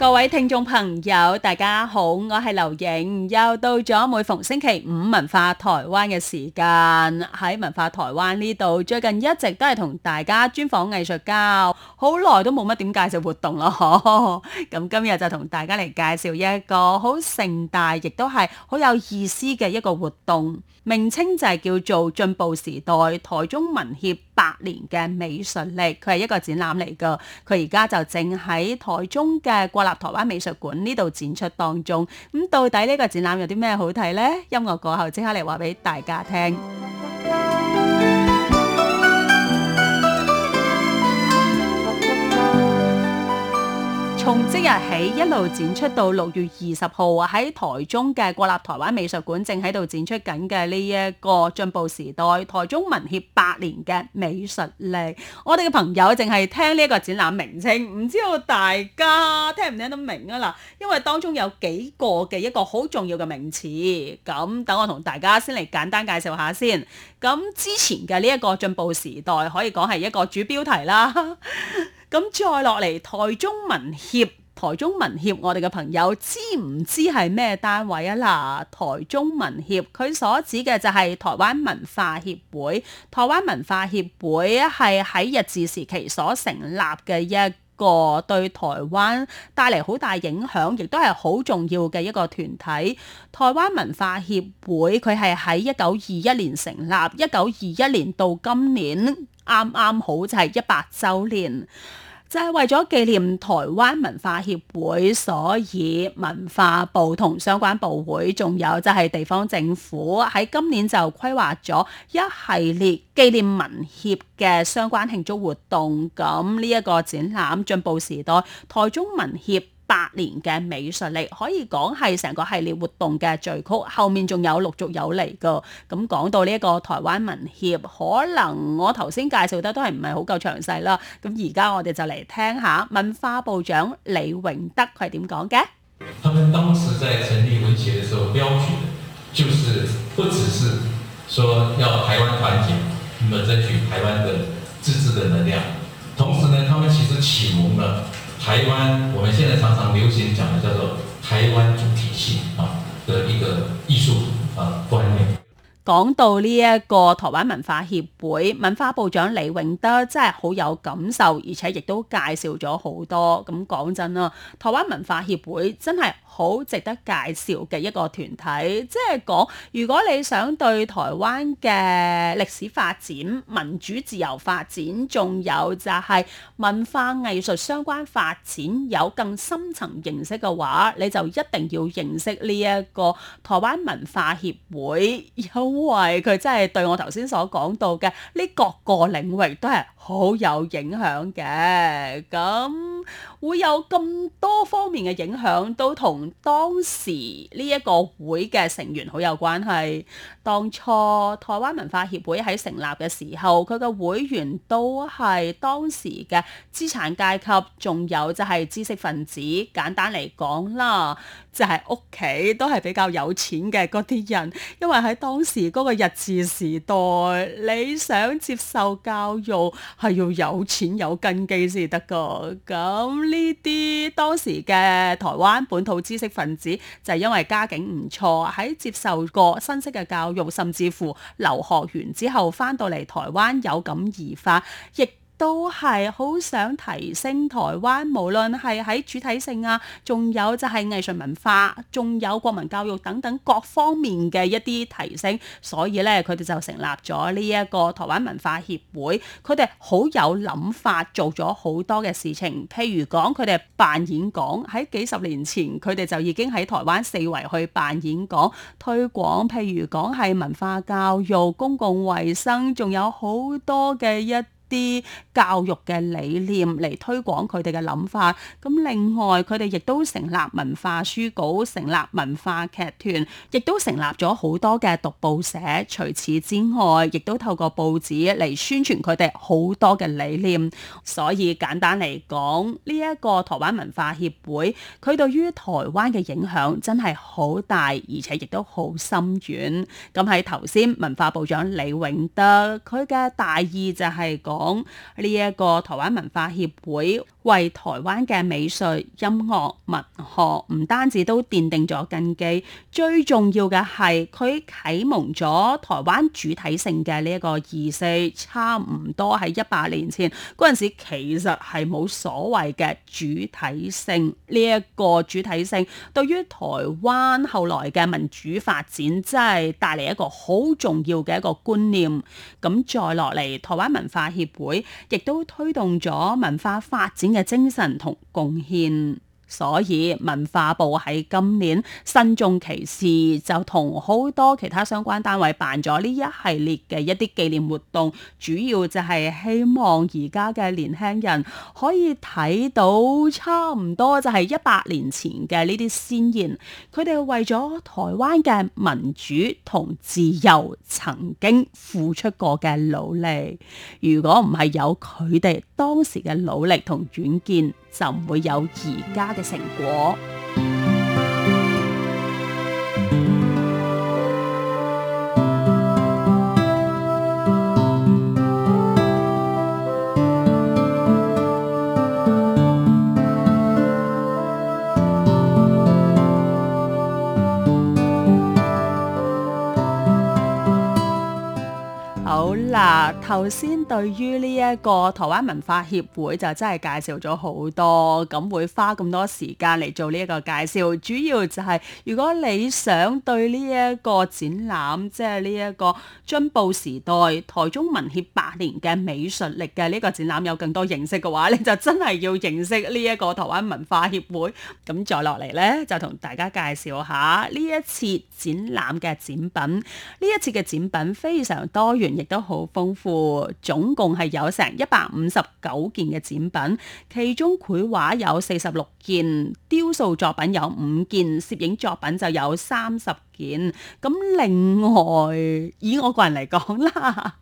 各位聽眾朋友，大家好，我係劉影，又到咗每逢星期五文化台灣嘅時間。喺文化台灣呢度，最近一直都係同大家專訪藝術家，好耐都冇乜點介紹活動咯。咁今日就同大家嚟介紹一個好盛大，亦都係好有意思嘅一個活動，名稱就係叫做《進步時代》台中文協百年嘅美術力，佢係一個展覽嚟噶。佢而家就正喺台中嘅國台灣美術館呢度展出當中，咁到底呢個展覽有啲咩好睇呢？音樂過後即刻嚟話俾大家聽。從即日起一路展出到六月二十號啊！喺台中嘅國立台灣美術館正喺度展出緊嘅呢一個進步時代台中文協百年嘅美術力。我哋嘅朋友淨係聽呢一個展覽名稱，唔知道大家聽唔聽得明啊啦？因為當中有幾個嘅一個好重要嘅名詞，咁等我同大家先嚟簡單介紹下先。咁之前嘅呢一個進步時代可以講係一個主標題啦。 咁再落嚟，台中文協，台中文協我哋嘅朋友知唔知係咩單位啊嗱，台中文協佢所指嘅就係台灣文化協會，台灣文化協會係喺日治時期所成立嘅一。個對台灣帶嚟好大影響，亦都係好重要嘅一個團體。台灣文化協會，佢係喺一九二一年成立，一九二一年到今年啱啱好就係一百週年。就係為咗紀念台灣文化協會，所以文化部同相關部會，仲有就係地方政府喺今年就規劃咗一系列紀念文協嘅相關慶祝活動。咁呢一個展覽《進步時代》台中文協八年嘅美術力可以講係成個系列活動嘅序曲，後面仲有陸續有嚟嘅。咁講到呢一個台灣文協，可能我頭先介紹得都係唔係好夠詳細啦。咁而家我哋就嚟聽下文化部長李永德佢係點講嘅。他，他們當時在成立文協嘅時候，標準就是不只是說要台灣繁榮，要爭取台灣的自治的能量，同時呢，他們其實啟蒙了。台灣，我們現在常常流行講的叫做台灣主體性啊的一個藝術啊觀念。講到呢一個台灣文化協會，文化部長李永得真係好有感受，而且亦都介紹咗好多。咁講真啦，台灣文化協會真係。好值得介紹嘅一個團體，即係講如果你想對台灣嘅歷史發展、民主自由發展，仲有就係文化藝術相關發展有更深層認識嘅話，你就一定要認識呢一個台灣文化協會，因為佢真係對我頭先所講到嘅呢各個領域都係好有影響嘅，咁會有咁多方面嘅影響，都同。當時呢一個會嘅成員好有關係。當初台灣文化協會喺成立嘅時候，佢嘅會員都係當時嘅資產階級，仲有就係知識分子。簡單嚟講啦，就係屋企都係比較有錢嘅嗰啲人，因為喺當時嗰個日治時代，你想接受教育係要有錢有根基先得㗎。咁呢啲當時嘅台灣本土知識分子就係、是、因為家境唔錯，喺接受過新式嘅教育。甚至乎留學完之後翻到嚟台灣有感而發。亦。都係好想提升台灣，無論係喺主體性啊，仲有就係藝術文化，仲有國民教育等等各方面嘅一啲提升。所以咧，佢哋就成立咗呢一個台灣文化協會。佢哋好有諗法，做咗好多嘅事情，譬如講佢哋辦演講喺幾十年前，佢哋就已經喺台灣四圍去辦演講，推廣，譬如講係文化教育、公共衛生，仲有好多嘅一。啲教育嘅理念嚟推廣佢哋嘅諗法，咁另外佢哋亦都成立文化書局，成立文化劇團，亦都成立咗好多嘅讀報社。除此之外，亦都透過報紙嚟宣傳佢哋好多嘅理念。所以簡單嚟講，呢一個台灣文化協會，佢對於台灣嘅影響真係好大，而且亦都好深遠，咁喺頭先，文化部長李永德佢嘅大意就係講。講呢一個台灣文化協會，為台灣嘅美術、音樂、文學唔單止都奠定咗根基，最重要嘅係佢啟蒙咗台灣主體性嘅呢一個意思。差唔多喺一百年前嗰陣時，其實係冇所謂嘅主體性，呢一個主體性，對於台灣後來嘅民主發展真係帶嚟一個好重要嘅一個觀念。咁再落嚟，台灣文化協會亦都推動咗文化發展嘅。嘅精神同貢獻。所以文化部喺今年慎重其事就同好多其他相關單位辦咗呢一系列嘅一啲紀念活動，主要就係希望而家嘅年輕人可以睇到差唔多就係一百年前嘅呢啲先賢，佢哋為咗台灣嘅民主同自由曾經付出過嘅努力。如果唔係有佢哋當時嘅努力同遠見。就唔會有而家嘅成果。嗱，頭先對於呢一個台灣文化協會就真係介紹咗好多，咁會花咁多時間嚟做呢一個介紹，主要就係如果你想對呢一個展覽即係呢一個進步時代台中文協百年嘅美術力嘅呢個展覽有更多認識嘅話，你就真係要認識呢一個台灣文化協會，咁再落嚟咧，就同大家介紹下呢一次展覽嘅展品。呢一次嘅展品非常多元，亦都好。好豐富，總共係有成一百五十九件嘅展品，其中繪畫有四十六件，雕塑作品有五件，攝影作品就有三十件。咁另外，以我個人嚟講啦，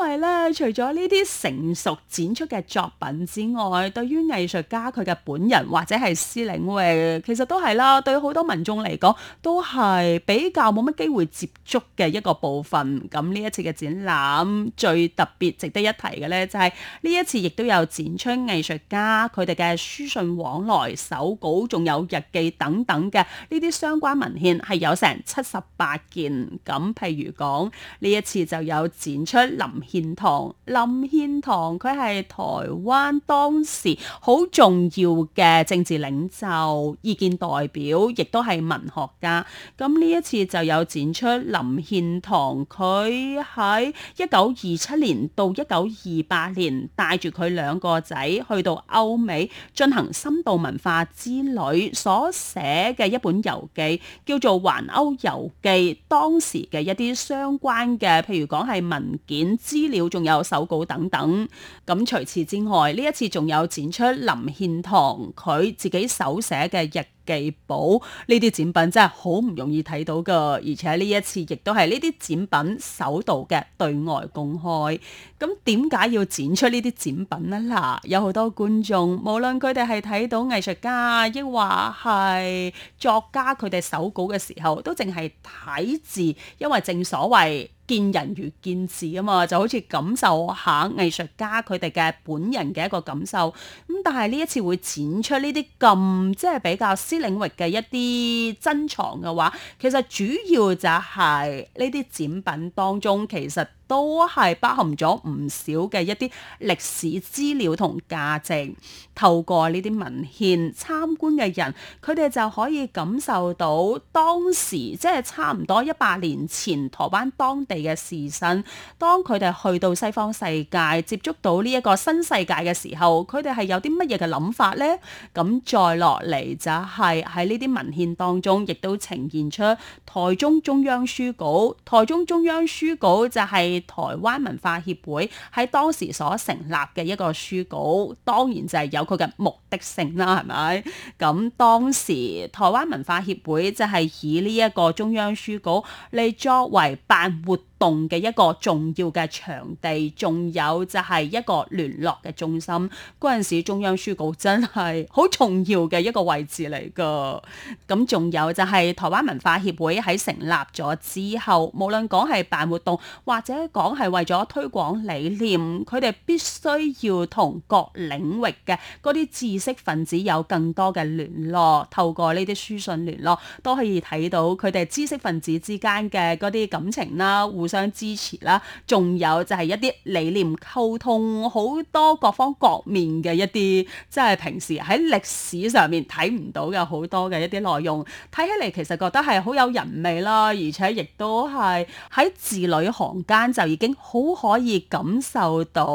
因為咧。除咗呢啲成熟展出嘅作品之外，對於藝術家佢嘅本人或者係私領域，其實都係啦。對好多民眾嚟講都係比較冇乜機會接觸嘅一個部分。咁呢一次嘅展覽最特別值得一提嘅咧、就是，就係呢一次亦都有展出藝術家佢哋嘅書信往來手稿、仲有日記等等嘅呢啲相關文獻係有成七十八件。咁譬如講呢一次就有展出林獻堂。林獻堂佢係台灣當時好重要嘅政治領袖、意見代表，亦都係文學家。咁呢一次就有展出林獻堂佢喺一九二七年到一九二八年帶住佢兩個仔去到歐美進行深度文化之旅所寫嘅一本遊記，叫做《環歐遊記》。當時嘅一啲相關嘅，譬如講係文件資料仲有手稿等等，咁除此之外，呢一次仲有展出林獻堂佢自己手寫嘅日記簿，呢啲展品真係好唔容易睇到噶，而且呢一次亦都係呢啲展品首度嘅對外公開。咁點解要展出呢啲展品呢？嗱，有好多觀眾，無論佢哋係睇到藝術家，抑或係作家佢哋手稿嘅時候，都淨係睇字，因為正所謂。見人如見事啊嘛，就好似感受下藝術家佢哋嘅本人嘅一個感受。咁但係呢一次會展出呢啲咁即係比較私領域嘅一啲珍藏嘅話，其實主要就係呢啲展品當中其實。都係包含咗唔少嘅一啲歷史資料同價值。透過呢啲文獻參觀嘅人，佢哋就可以感受到當時即係、就是、差唔多一百年前台灣當地嘅時訊。當佢哋去到西方世界，接觸到呢一個新世界嘅時候，佢哋係有啲乜嘢嘅諗法咧？咁再落嚟就係喺呢啲文獻當中，亦都呈現出台中中央書局。台中中央書局就係、是。台灣文化協會喺當時所成立嘅一個書稿，當然就係有佢嘅目的性啦，係咪？咁當時台灣文化協會就係以呢一個中央書稿嚟作為辦活動嘅一個重要嘅場地，仲有就係一個聯絡嘅中心。嗰陣時中央書局真係好重要嘅一個位置嚟噶。咁仲有就係台灣文化協會喺成立咗之後，無論講係辦活動或者講係為咗推廣理念，佢哋必須要同各領域嘅嗰啲知識分子有更多嘅聯絡，透過呢啲書信聯絡都可以睇到佢哋知識分子之間嘅嗰啲感情啦，互相支持啦，仲有就係一啲理念溝通，好多各方各面嘅一啲，即係平時喺歷史上面睇唔到嘅好多嘅一啲內容，睇起嚟其實覺得係好有人味啦，而且亦都係喺字裏行間就已經好可以感受到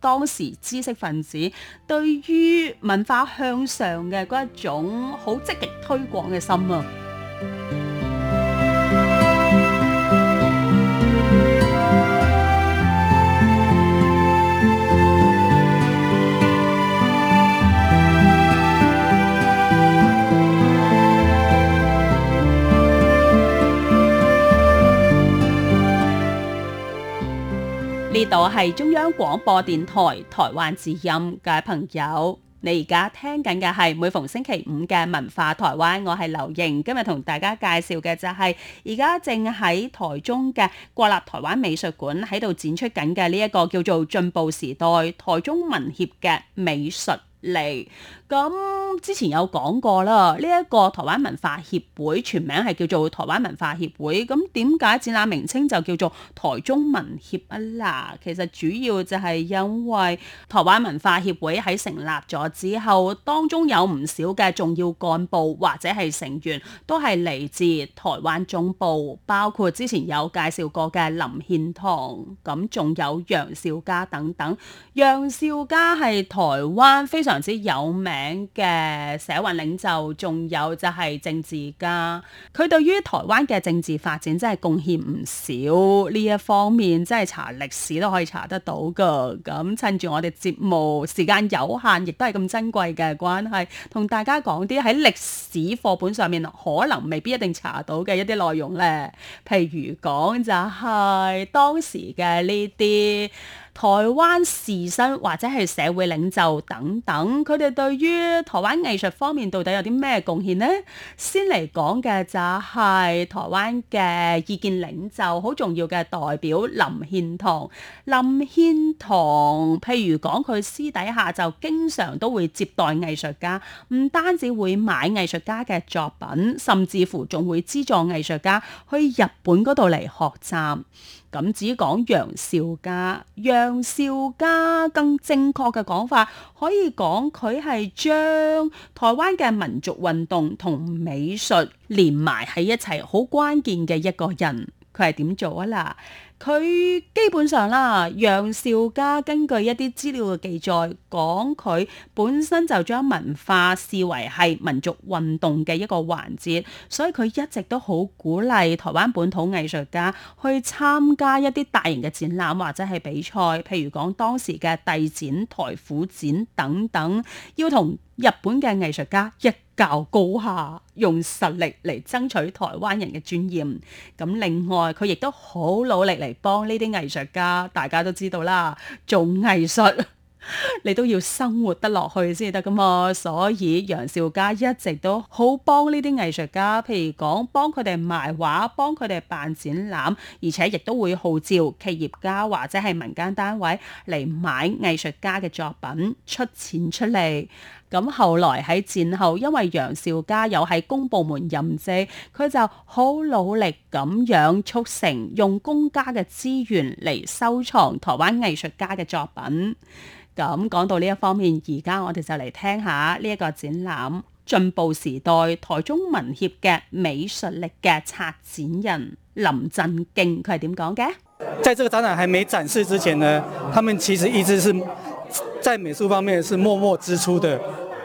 當時知識分子對於文化向上嘅嗰一種好積極推廣嘅心啊！呢度係中央廣播電台台灣之音嘅朋友，你而家聽緊嘅係每逢星期五嘅文化台灣，我係劉瑩，今日同大家介紹嘅就係而家正喺台中嘅國立台灣美術館喺度展出緊嘅呢一個叫做進步時代台中文協嘅美術。嚟咁、嗯、之前有講過啦，呢、這、一個台灣文化協會全名係叫做台灣文化協會，咁點解展覽名稱就叫做台中文協啊？嗱，其實主要就係因為台灣文化協會喺成立咗之後，當中有唔少嘅重要幹部或者係成員都係嚟自台灣中部，包括之前有介紹過嘅林獻堂，咁、嗯、仲有楊肇嘉等等。楊肇嘉係台灣非常。非常之有名嘅社運領袖，仲有就係政治家，佢對於台灣嘅政治發展真係貢獻唔少。呢一方面，真係查歷史都可以查得到㗎。咁趁住我哋節目時間有限，亦都係咁珍貴嘅關係，同大家講啲喺歷史課本上面可能未必一定查到嘅一啲內容。呢譬如講就係當時嘅呢啲。台灣士紳或者係社會領袖等等，佢哋對於台灣藝術方面到底有啲咩貢獻呢？先嚟講嘅就係、是、台灣嘅意見領袖，好重要嘅代表林獻堂。林獻堂譬如講，佢私底下就經常都會接待藝術家，唔單止會買藝術家嘅作品，甚至乎仲會資助藝術家去日本嗰度嚟學習。咁只講楊肇嘉，楊肇嘉更正確嘅講法，可以講佢係將台灣嘅民族運動同美術連埋喺一齊，好關鍵嘅一個人。佢係點做啊啦？佢基本上啦，楊少家根據一啲資料嘅記載講，佢本身就將文化視為係民族運動嘅一個環節，所以佢一直都好鼓勵台灣本土藝術家去參加一啲大型嘅展覽或者係比賽，譬如講當時嘅帝展、台府展等等，要同日本嘅藝術家一較高下，用實力嚟爭取台灣人嘅尊嚴。咁另外，佢亦都好努力嚟幫呢啲藝術家。大家都知道啦，做藝術你都要生活得落去先得㗎嘛。所以楊肇嘉一直都好幫呢啲藝術家，譬如講幫佢哋賣畫，幫佢哋辦展覽，而且亦都會號召企業家或者係民間單位嚟買藝術家嘅作品，出錢出力。咁後來喺戰後，因為楊肇嘉又喺公部門任職，佢就好努力咁樣促成用公家嘅資源嚟收藏台灣藝術家嘅作品。咁講到呢一方面，而家我哋就嚟聽下呢一個展覽《進步時代》台中文協嘅美術力嘅策展人林振敬，佢係點講嘅？在這個展覽還沒展示之前呢，他們其實一直是在美術方面是默默支出的。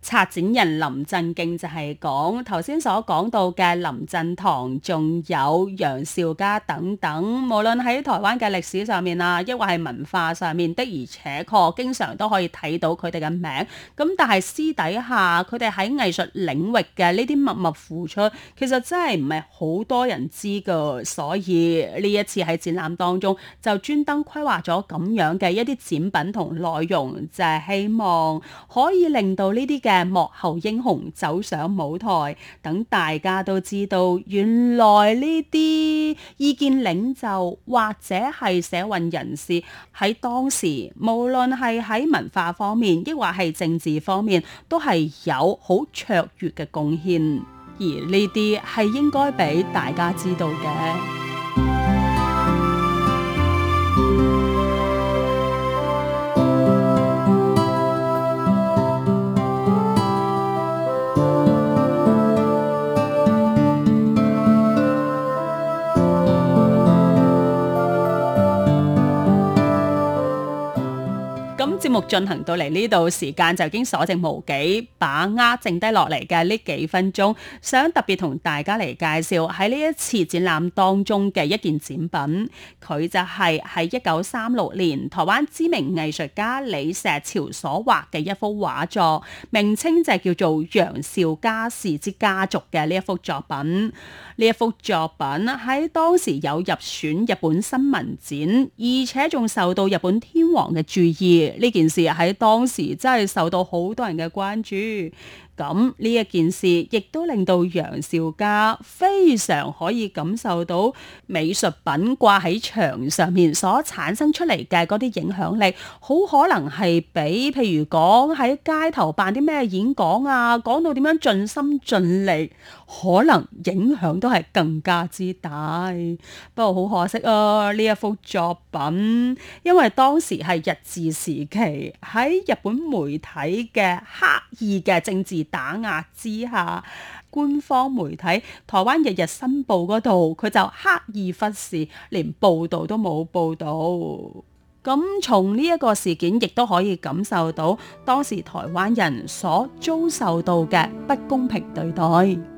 策展人林振敬就係講頭先所講到嘅林振堂，仲有楊肇嘉等等，無論喺台灣嘅歷史上面啊，抑或係文化上面，的而且確經常都可以睇到佢哋嘅名。咁但係私底下佢哋喺藝術領域嘅呢啲默默付出，其實真係唔係好多人知嘅。所以呢一次喺展覽當中，就專登規劃咗咁樣嘅一啲展品同內容，就係希望可以令到呢啲嘅。幕後英雄走上舞台，等大家都知道，原來呢啲意見領袖或者係社運人士喺當時，無論係喺文化方面，亦或係政治方面，都係有好卓越嘅貢獻，而呢啲係應該俾大家知道嘅。進行到嚟呢度時間就已經所剩無幾，把握剩低落嚟嘅呢幾分鐘，想特別同大家嚟介紹喺呢一次展覽當中嘅一件展品，佢就係喺一九三六年台灣知名藝術家李石樵所畫嘅一幅畫作，名稱就係叫做《楊肇嘉氏之家族》嘅呢一幅作品。呢一幅作品喺當時有入選日本新聞展，而且仲受到日本天皇嘅注意。呢件時喺當時，真係受到好多人嘅關注。咁呢一件事，亦都令到楊肇嘉非常可以感受到美術品掛喺牆上面所產生出嚟嘅嗰啲影響力，好可能係比譬如講喺街頭辦啲咩演講啊，講到點樣盡心盡力，可能影響都係更加之大。不過好可惜啊，呢一幅作品，因為當時係日治時期，喺日本媒體嘅刻意嘅政治。打壓之下，官方媒體台灣日日新報嗰度，佢就刻意忽視，連報導都冇報導。咁從呢一個事件，亦都可以感受到當時台灣人所遭受到嘅不公平對待。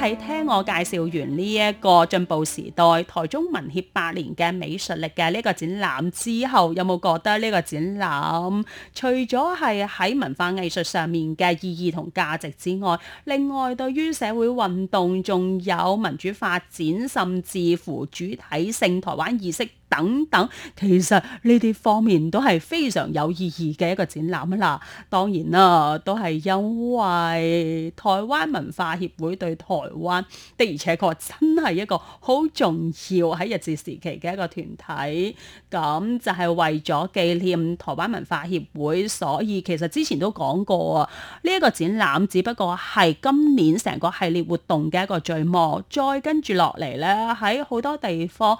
喺聽我介紹完呢一個進步時代台中文協百年嘅美術力嘅呢個展覽之後，有冇覺得呢個展覽除咗係喺文化藝術上面嘅意義同價值之外，另外對於社會運動、仲有民主發展，甚至乎主體性、台灣意識等等，其實呢啲方面都係非常有意義嘅一個展覽啦。當然啦，都係因為台灣文化協會對台。台灣的，而且確真係一個好重要喺日治時期嘅一個團體，咁就係為咗紀念台灣文化協會，所以其實之前都講過啊，呢、這、一個展覽只不過係今年成個系列活動嘅一個序幕，再跟住落嚟呢，喺好多地方。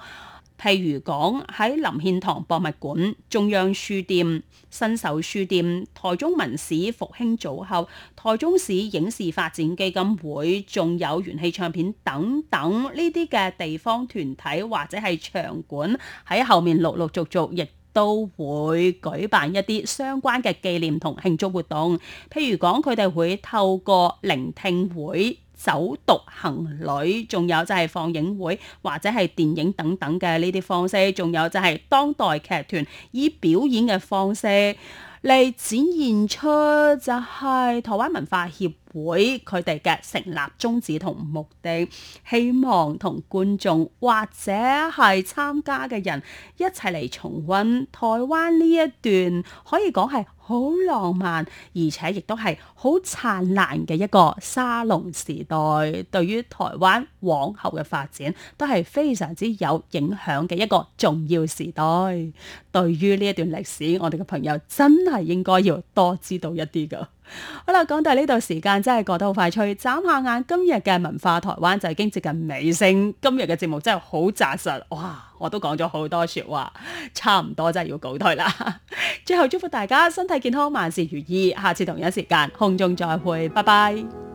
譬如講喺林獻堂博物館、中央書店、新手書店、台中文史復興組合、台中市影視發展基金會，仲有元氣唱片等等，呢啲嘅地方團體或者係場館喺後面陸陸續續亦都會舉辦一啲相關嘅紀念同慶祝活動，譬如講佢哋會透過聆聽會。走讀行旅，仲有就係放映會或者係電影等等嘅呢啲方式，仲有就係當代劇團以表演嘅方式嚟展現出就係台灣文化協會。會佢哋嘅成立宗旨同目的，希望同觀眾或者係參加嘅人一齊嚟重溫台灣呢一段可以講係好浪漫而且亦都係好燦爛嘅一個沙龍時代，對於台灣往後嘅發展都係非常之有影響嘅一個重要時代。對於呢一段歷史，我哋嘅朋友真係應該要多知道一啲㗎。好啦，講到呢度時間真係過得好快，脆。眨下眼，今日嘅文化台灣就已經接近尾聲。今日嘅節目真係好紮實，哇！我都講咗好多說話，差唔多真係要告退啦。最後祝福大家身體健康，萬事如意。下次同一時間空中再會，拜拜。